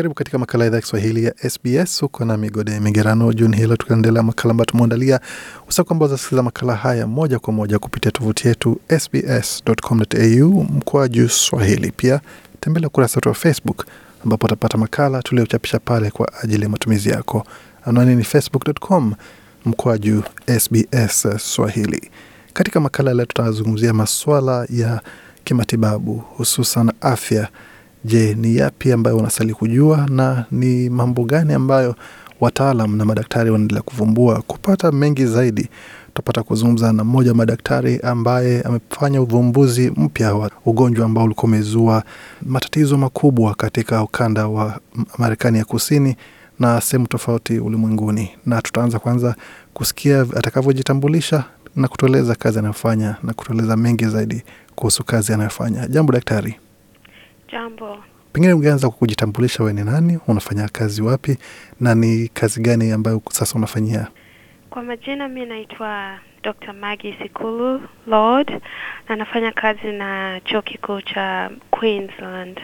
Karibu katika makala idhaa ya Kiswahili ya SBS. Huko na migode migerano juni hilo, tukaendelea makala ambayo tumeandalia. Usa kwamba zasikiliza makala haya moja kwa moja kupitia tovuti yetu sbs.com.au mkoa juu swahili. Pia tembelea ukurasa wetu wa Facebook ambapo utapata makala tuliochapisha pale kwa ajili ya matumizi yako. Anwani ni facebook.com mkoa juu SBS Swahili. Katika makala leo tutazungumzia maswala ya kimatibabu, hususan afya Je, ni yapi ambayo wanastahili kujua na ni mambo gani ambayo wataalam na madaktari wanaendelea kuvumbua? Kupata mengi zaidi, tutapata kuzungumza na mmoja wa madaktari ambaye amefanya uvumbuzi mpya wa ugonjwa ambao ulikuwa umezua matatizo makubwa katika ukanda wa Marekani ya Kusini na sehemu tofauti ulimwenguni, na tutaanza kwanza kusikia atakavyojitambulisha na kutueleza kazi anayofanya na kutueleza mengi zaidi kuhusu kazi anayofanya. Jambo daktari. Jambo. Pengine ungeanza kwa kujitambulisha, wewe ni nani, unafanya kazi wapi, na ni kazi gani ambayo sasa unafanyia? Kwa majina, mi naitwa Dr. Maggie Sikulu Lord na nafanya kazi na chuo kikuu cha Queensland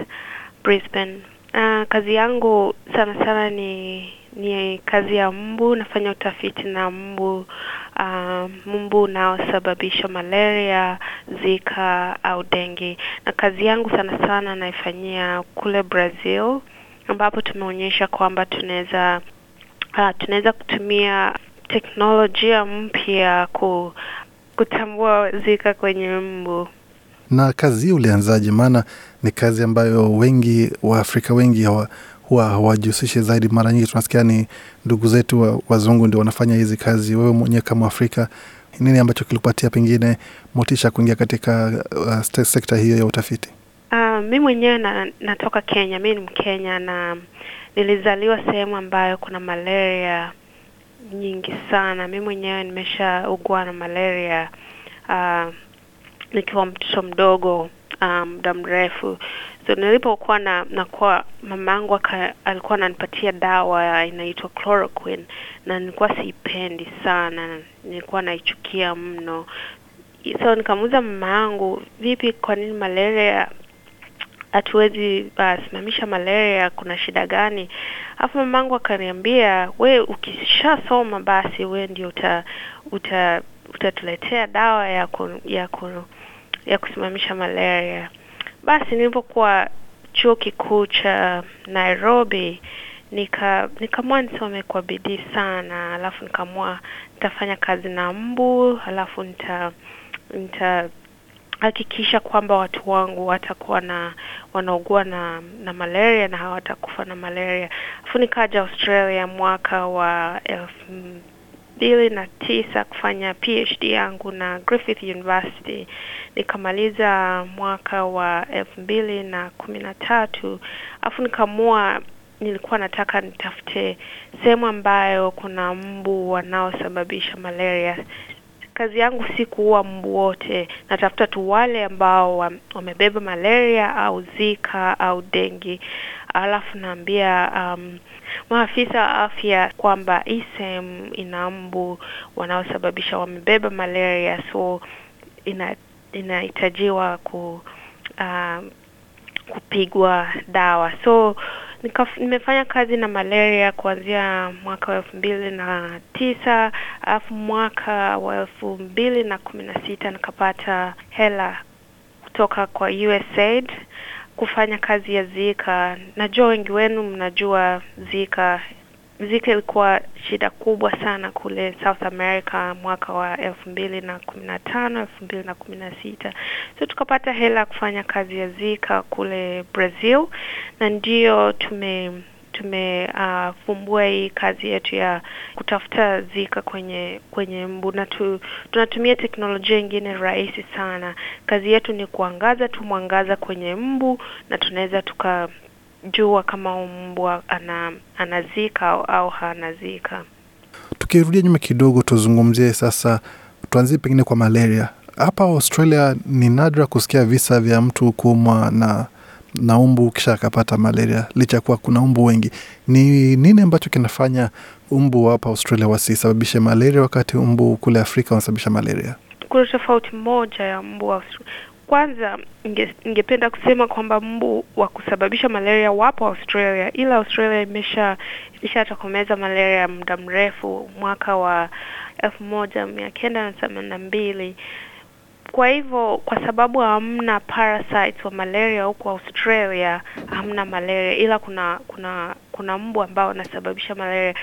Brisbane. Uh, kazi yangu sana sana ni ni kazi ya mbu. Nafanya utafiti na mbu uh, mbu unaosababisha malaria, zika au dengue, na kazi yangu sana sana naifanyia kule Brazil, ambapo tumeonyesha kwamba tunaweza uh, tunaweza kutumia teknolojia mpya ku kutambua zika kwenye mbu na kazi hii ulianzaje? Maana ni kazi ambayo wengi Waafrika wengi hawa, huwa hawajihusishi zaidi. Mara nyingi tunasikia ni ndugu zetu wa, wazungu ndio wanafanya hizi kazi. Wewe mwenyewe kama Afrika, nini ambacho kilikupatia pengine motisha kuingia katika uh, sekta hiyo ya utafiti? Uh, mi mwenyewe na, natoka Kenya, mi ni Mkenya na nilizaliwa sehemu ambayo kuna malaria nyingi sana. Mi mwenyewe nimeshaugua na malaria uh, nikiwa mtoto mdogo um, muda um, mrefu so nilipokuwa na nakuwa yangu alikuwa ananipatia dawa inaitwa chloroquine na nilikuwa siipendi sana nilikuwa naichukia mno so nikamuuza mama yangu vipi kwa nini malaria hatuwezi uh, simamisha malaria kuna shida gani alafu mama yangu akaniambia we ukishasoma basi we ndio uta uta utatuletea dawa ya ku, ya ku, ya kusimamisha malaria. Basi nilipokuwa chuo kikuu cha Nairobi nika nikamua nisome kwa bidii sana, alafu nikamua nitafanya kazi na mbu, alafu nita nitahakikisha kwamba watu wangu watakuwa na wanaugua na na malaria na hawatakufa na malaria. Alafu nikaja Australia mwaka wa elfu mbili na tisa kufanya PhD yangu na Griffith University. Nikamaliza mwaka wa elfu mbili na kumi na tatu afu nikamua nilikuwa nataka nitafute sehemu ambayo kuna mbu wanaosababisha malaria. Kazi yangu si kuua mbu wote, natafuta tu wale ambao wamebeba malaria au Zika au dengi, alafu naambia um, maafisa wa afya kwamba hii e sehemu ina mbu wanaosababisha wamebeba malaria, so ina inahitajiwa ku uh, kupigwa dawa. So nimefanya kazi na malaria kuanzia mwaka wa elfu mbili na tisa alafu mwaka wa elfu mbili na kumi na sita nikapata hela kutoka kwa USAID kufanya kazi ya Zika. Najua wengi wenu mnajua Zika. Zika ilikuwa shida kubwa sana kule South America mwaka wa elfu mbili na kumi na tano elfu mbili na kumi na sita so tukapata hela ya kufanya kazi ya Zika kule Brazil, na ndio tume tumefumbua uh, hii kazi yetu ya kutafuta zika kwenye kwenye mbu na tu, tunatumia teknolojia ingine rahisi sana. Kazi yetu ni kuangaza tu mwangaza kwenye mbu na tunaweza tukajua kama mbwa ana, anazika au, au hanazika. Tukirudia nyuma kidogo, tuzungumzie sasa, tuanzie pengine kwa malaria. Hapa Australia ni nadra kusikia visa vya mtu kuumwa na na umbu kisha akapata malaria, licha kuwa kuna umbu wengi. Ni nini ambacho kinafanya umbu hapa Australia wasisababishe malaria wakati umbu kule Afrika wanasababisha malaria? Kuna tofauti moja ya mbu wa kwanza ningependa nge kusema kwamba mbu wa kusababisha malaria wapo Australia, ila Australia imesha imeshatokomeza malaria ya muda mrefu. Mwaka wa elfu moja mia kenda na themanini na mbili kwa hivyo kwa sababu hamna parasites wa malaria huko Australia, hamna malaria, ila kuna kuna kuna mbu ambao wanasababisha malaria.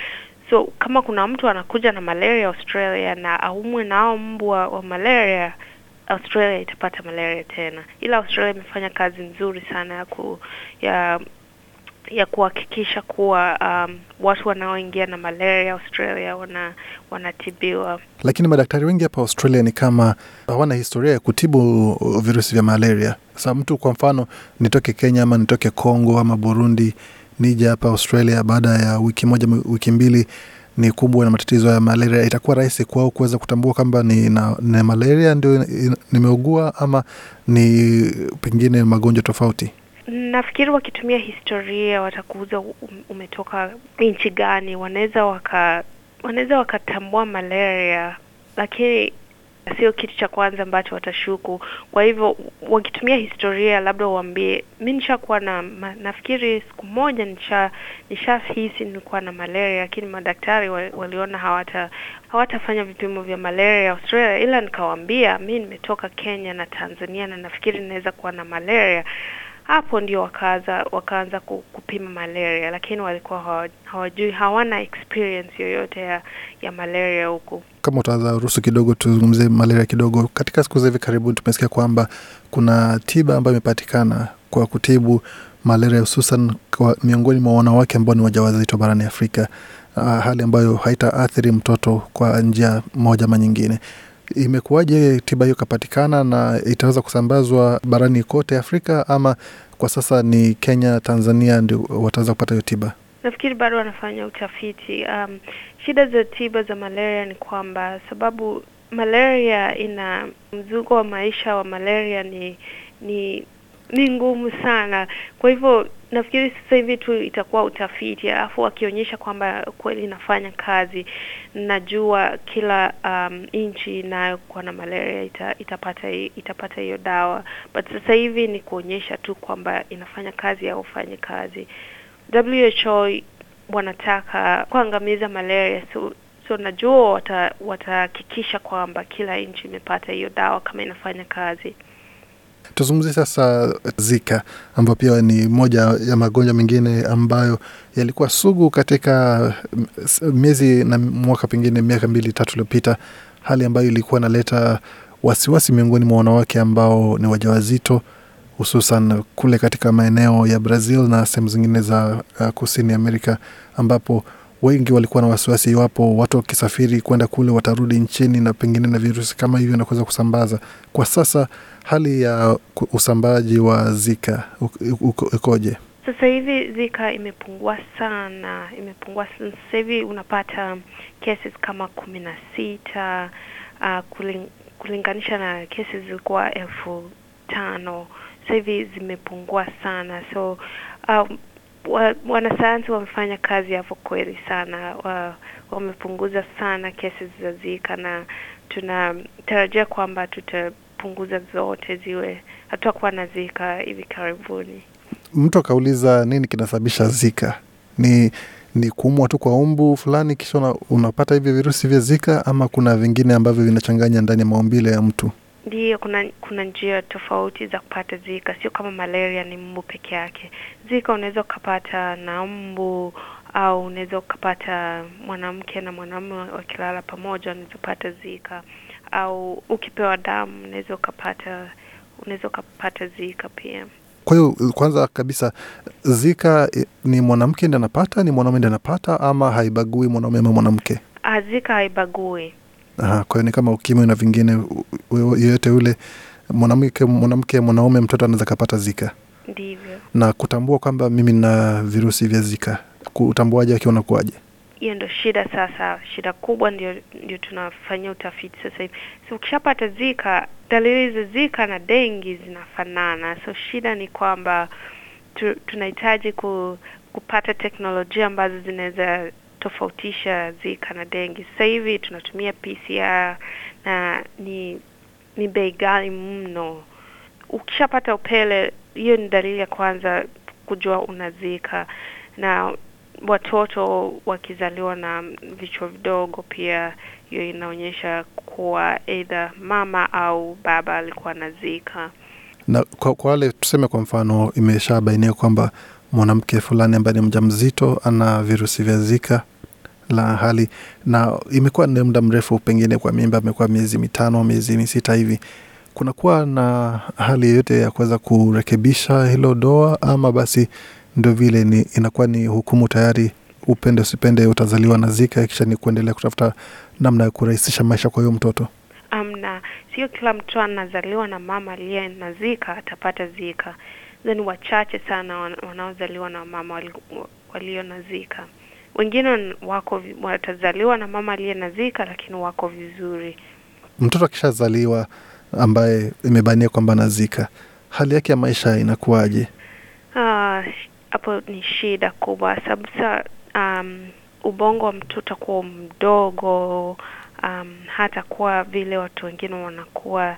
So kama kuna mtu anakuja na malaria Australia na aumwe nao hao mbu wa, wa malaria, Australia itapata malaria tena. Ila Australia imefanya kazi nzuri sana ya ku ya ya kuhakikisha kuwa um, watu wanaoingia na malaria Australia wana, wanatibiwa. Lakini madaktari wengi hapa Australia ni kama hawana historia ya kutibu virusi vya malaria. Sa mtu kwa mfano, nitoke Kenya ama nitoke Kongo ama Burundi nije hapa Australia, baada ya wiki moja wiki mbili ni kubwa na matatizo ya malaria, itakuwa rahisi kwao kuweza kutambua kwamba ni, na, ni malaria ndio nimeugua ama ni pengine magonjwa tofauti. Nafikiri wakitumia historia watakuuza um, umetoka nchi gani, wanaweza waka wanaweza wakatambua malaria, lakini sio kitu cha kwanza ambacho watashuku. Kwa hivyo wakitumia historia, labda uambie mi nishakuwa na ma, nafikiri siku moja nisha nikuwa na malaria, lakini madaktari waliona hawata hawatafanya vipimo vya malaria Australia, ila nikawaambia mi nimetoka Kenya na Tanzania na nafikiri inaweza kuwa na malaria hapo ndio wakaanza wakaanza kupima malaria, lakini walikuwa hawajui, hawana experience yoyote ya, ya malaria huku. Kama utaanza ruhusu kidogo, tuzungumzie malaria kidogo. Katika siku za hivi karibuni tumesikia kwamba kuna tiba ambayo imepatikana kwa kutibu malaria hususan kwa miongoni mwa wanawake ambao ni wajawazito barani Afrika, uh, hali ambayo haitaathiri mtoto kwa njia moja ama nyingine imekuwaje tiba hiyo ikapatikana na itaweza kusambazwa barani kote Afrika ama kwa sasa ni Kenya, Tanzania ndio wataweza kupata hiyo tiba? Nafikiri bado wanafanya utafiti. Um, shida za tiba za malaria ni kwamba sababu malaria ina mzungo wa maisha wa malaria ni ni ni ngumu sana, kwa hivyo nafikiri sasa hivi tu itakuwa utafiti, alafu wakionyesha kwamba kweli inafanya kazi, najua kila um, nchi inayokuwa na malaria ita, itapata itapata hiyo dawa, but sasa hivi ni kuonyesha tu kwamba inafanya kazi au ufanye kazi. WHO wanataka kuangamiza malaria so, so najua watahakikisha wata kwamba kila nchi imepata hiyo dawa kama inafanya kazi. Tuzungumzie sasa Zika ambayo pia ni moja ya magonjwa mengine ambayo yalikuwa sugu katika miezi na mwaka pengine miaka mbili tatu iliyopita, hali ambayo ilikuwa inaleta wasiwasi miongoni mwa wanawake ambao ni wajawazito hususan kule katika maeneo ya Brazil na sehemu zingine za uh, kusini Amerika ambapo wengi walikuwa na wasiwasi iwapo watu wakisafiri kwenda kule watarudi nchini na pengine na virusi kama hivyo na kuweza kusambaza. Kwa sasa hali ya usambaji wa Zika ikoje? Sasa hivi Zika imepungua sana, imepungua sana. Sasa hivi unapata cases kama kumi na sita uh, kuling, kulinganisha na cases zilikuwa elfu tano sasa hivi zimepungua sana so um, wanasayansi wamefanya kazi hapo kweli sana, wa, wamepunguza sana kesi zika na tunatarajia kwamba tutapunguza zote ziwe, hatutakuwa na zika hivi karibuni. Mtu akauliza nini kinasababisha zika? Ni ni kuumwa tu kwa umbu fulani kisha unapata hivyo virusi vya zika, ama kuna vingine ambavyo vinachanganya ndani ya maumbile ya mtu? Ndiyo, kuna kuna njia tofauti za kupata Zika, sio kama malaria ni mbu peke yake. Zika unaweza ukapata na mbu au unaweza ukapata mwanamke na mwanamume wakilala pamoja, unaweza kupata Zika au ukipewa damu unaweza ukapata unaweza ukapata Zika pia. Kwa hiyo kwanza kabisa Zika eh, ni mwanamke ndiye anapata, ni mwanamume ndiye anapata, ama haibagui mwanaume ama mwanamke? Ah, Zika haibagui kwa hiyo ni kama ukimwi na vingine yoyote ule, mwanamke mwanamke, mwanaume, mtoto anaweza kapata Zika. Ndivyo. Na kutambua kwamba mimi na virusi vya Zika, kutambuaje akiwa nakuaje? Hiyo ndio shida sasa, shida kubwa ndio, ndio tunafanyia utafiti sasa hivi. So ukishapata Zika, dalili za Zika na dengi zinafanana, so shida ni kwamba tu, tunahitaji ku, kupata teknolojia ambazo zinaweza tofautisha Zika na dengi Sasa hivi tunatumia PCR na ni ni bei ghali mno. Ukishapata upele, hiyo ni dalili ya kwanza kujua una Zika, na watoto wakizaliwa na vichwa vidogo, pia hiyo inaonyesha kuwa aidha mama au baba alikuwa na Zika. Na kwa wale tuseme, kwa mfano, imeshabainika kwamba mwanamke fulani ambaye ni mjamzito ana virusi vya Zika la hali, na imekuwa ni muda mrefu, pengine kwa mimba amekuwa miezi mitano, miezi misita hivi kunakuwa na hali yoyote ya kuweza kurekebisha hilo doa ama basi ndio vile ni, inakuwa ni hukumu tayari, upende usipende, utazaliwa na Zika, kisha ni kuendelea kutafuta namna ya kurahisisha maisha kwa huyo mtoto. Amna, sio kila mtu anazaliwa na mama aliye na Zika atapata Zika, then wachache sana wanaozaliwa na mama walio na Zika wengine wako watazaliwa na mama aliye nazika lakini wako vizuri. Mtoto akishazaliwa ambaye imebania kwamba nazika hali yake ya maisha inakuwaje? Ah, hapo ni shida kubwa, sababu um, ubongo wa mtoto kuwa mdogo um, kuwa vile watu wengine wanakuwa.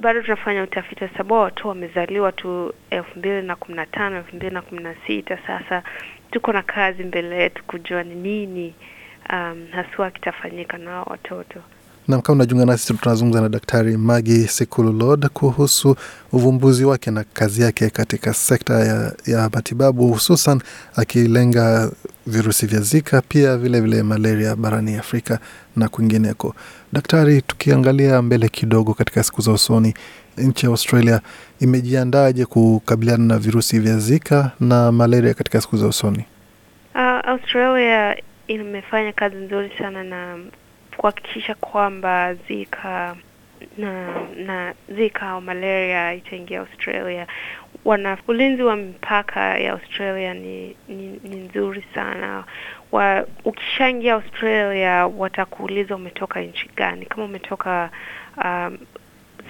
Bado tunafanya utafiti sababu watu wamezaliwa tu elfu mbili na kumi na tano elfu mbili na kumi na sita Sasa tuko na kazi mbele yetu kujua ni nini um, haswa kitafanyika na watoto. Nam, kama unajiunga nasi, tunazungumza na Daktari Magi Sikululod kuhusu uvumbuzi wake na kazi yake katika sekta ya, ya matibabu hususan akilenga virusi vya Zika pia vilevile vile malaria barani Afrika na kwingineko. Daktari, tukiangalia mbele kidogo katika siku za usoni, nchi ya Australia imejiandaje kukabiliana na virusi vya Zika na malaria katika siku za usoni? Uh, Australia imefanya kazi nzuri sana na kuhakikisha kwamba Zika na na Zika au malaria itaingia Australia. Wana ulinzi wa mipaka ya Australia ni, ni, ni nzuri sana wa, ukishaingia Australia watakuuliza umetoka nchi gani. Kama umetoka um,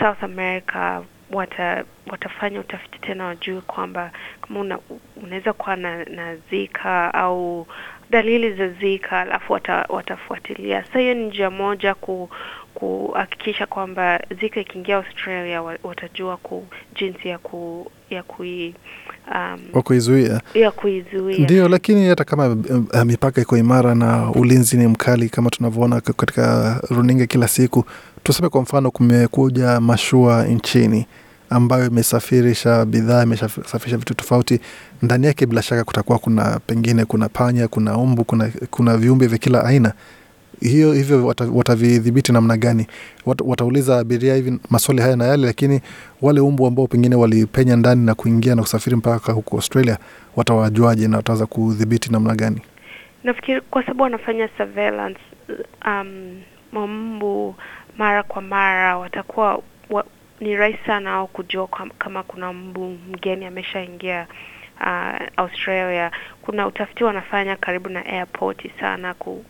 South America wata, watafanya utafiti tena wajue kwamba kama unaweza kuwa na, na Zika au dalili za Zika alafu wata, watafuatilia. Sasa hiyo ni njia moja ku kuhakikisha kwamba Zika ikiingia Australia watajua ku, jinsi ya ku, ya kui um, kuizuia ndio. Lakini hata kama uh, mipaka iko imara na ulinzi ni mkali kama tunavyoona katika runinga kila siku, tuseme kwa mfano kumekuja mashua nchini ambayo imesafirisha bidhaa, imesafirisha vitu tofauti. Ndani yake bila shaka kutakuwa kuna pengine, kuna panya, kuna umbu, kuna, kuna viumbe vya kila aina hiyo hivyo watavidhibiti namna gani? Wat, watauliza abiria hivi maswali haya na yale, lakini wale umbu ambao pengine walipenya ndani na kuingia na kusafiri mpaka huku Australia watawajuaje na wataweza kudhibiti namna gani? Nafikiri kwa sababu wanafanya surveillance um, mambu mara kwa mara watakuwa ni rahisi sana au kujua kama kuna mbu mgeni ameshaingia uh, Australia. Kuna utafiti wanafanya karibu na airport sana ku,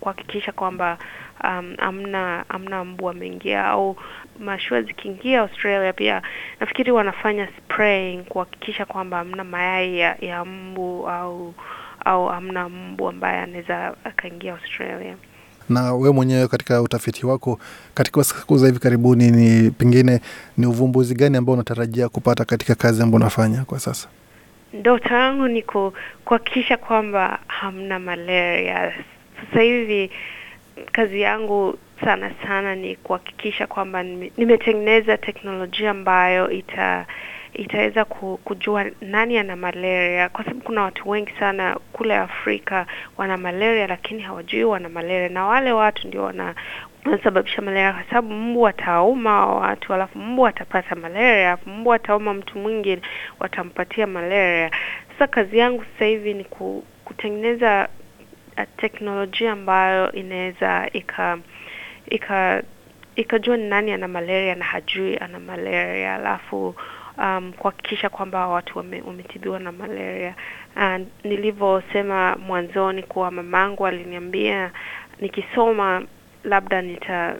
kuhakikisha kwamba um, amna amna mbu ameingia au mashua zikiingia Australia pia nafikiri wanafanya spraying kuhakikisha kwamba amna mayai ya, ya mbu au au amna mbu ambaye anaweza akaingia Australia. Na wewe mwenyewe katika utafiti wako katika siku za hivi karibuni, ni pengine ni uvumbuzi gani ambao unatarajia kupata katika kazi ambayo unafanya kwa sasa? Ndoto yangu ni kuhakikisha kwamba hamna malaria. Sasa hivi kazi yangu sana sana ni kuhakikisha kwamba nimetengeneza teknolojia ambayo ita itaweza kujua nani ana malaria, kwa sababu kuna watu wengi sana kule Afrika wana malaria, lakini hawajui wana malaria, na wale watu ndio wana wanasababisha malaria kwa sababu mbu atauma watu, alafu mbu atapata malaria, alafu mbu atauma mtu mwingine, watampatia malaria. Sasa kazi yangu sasa hivi ni kutengeneza uh, teknolojia ambayo inaweza ika ika ikajua ni nani ana malaria na hajui ana malaria alafu um, kuhakikisha kwamba watu wame, wametibiwa na malaria. and nilivyosema mwanzoni kuwa mamangu aliniambia nikisoma labda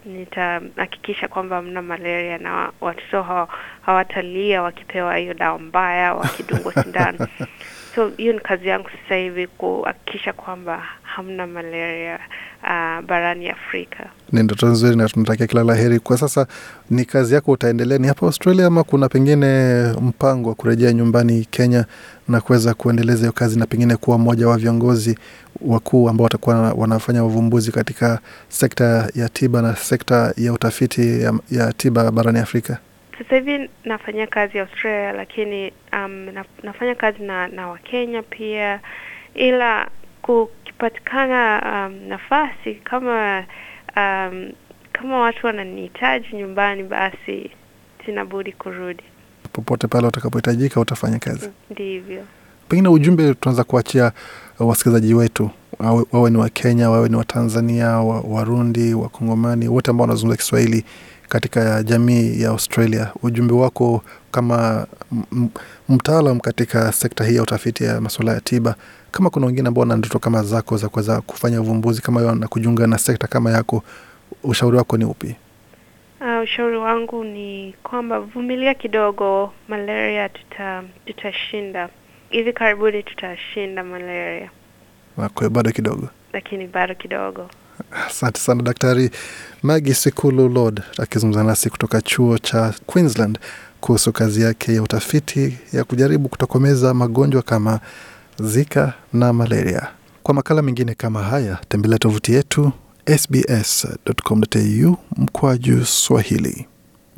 nitahakikisha kwamba mna malaria na watoto hawatalia wakipewa hiyo dawa mbaya wakidungwa sindano. so hiyo ni kazi yangu sasa hivi kuhakikisha kwamba hamna malaria uh, barani Afrika. Ni ndoto nzuri na tunatakia kila la heri. Kwa sasa ni kazi yako, utaendelea ni hapa Australia ama kuna pengine mpango wa kurejea nyumbani Kenya na kuweza kuendeleza hiyo kazi na pengine kuwa mmoja wa viongozi wakuu ambao watakuwa wanafanya uvumbuzi katika sekta ya tiba na sekta ya utafiti ya, ya tiba barani Afrika? Sasa hivi nafanyia kazi Australia, lakini um, nafanya kazi na, na Wakenya pia, ila kukipatikana um, nafasi kama um, kama watu wananihitaji nyumbani, basi sina kurudi popote pale utakapohitajika, utafanya kazi. Mm, ndivyo pengine ujumbe tunaweza kuachia uh, wasikilizaji wetu, wawe ni Wakenya, wawe ni Watanzania, Warundi, Wakongomani, wote ambao wanazungumza Kiswahili katika jamii ya Australia, ujumbe wako kama mtaalam katika sekta hii ya utafiti ya masuala ya tiba, kama kuna wengine ambao wana ndoto kama zako za kuweza kufanya uvumbuzi kama hiyo na kujiunga na sekta kama yako, ushauri wako ni upi? Uh, ushauri wangu ni kwamba vumilia kidogo, malaria tuta, tutashinda hivi karibuni, tutashinda malaria. Kwa hiyo bado kidogo, lakini bado kidogo. Asante sana Daktari Magi Sikulu Lord akizungumza nasi kutoka chuo cha Queensland kuhusu kazi yake ya utafiti ya kujaribu kutokomeza magonjwa kama Zika na malaria. Kwa makala mengine kama haya, tembelea tovuti yetu sbs.com.au mkwaju Swahili.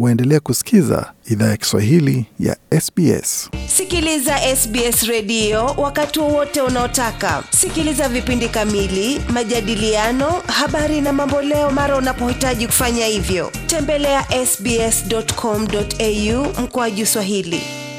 Waendelea kusikiza idhaa ya Kiswahili ya SBS. Sikiliza SBS redio wakati wowote unaotaka. Sikiliza vipindi kamili, majadiliano, habari na mamboleo mara unapohitaji kufanya hivyo. Tembelea ya sbs.com.au mkoaji Swahili.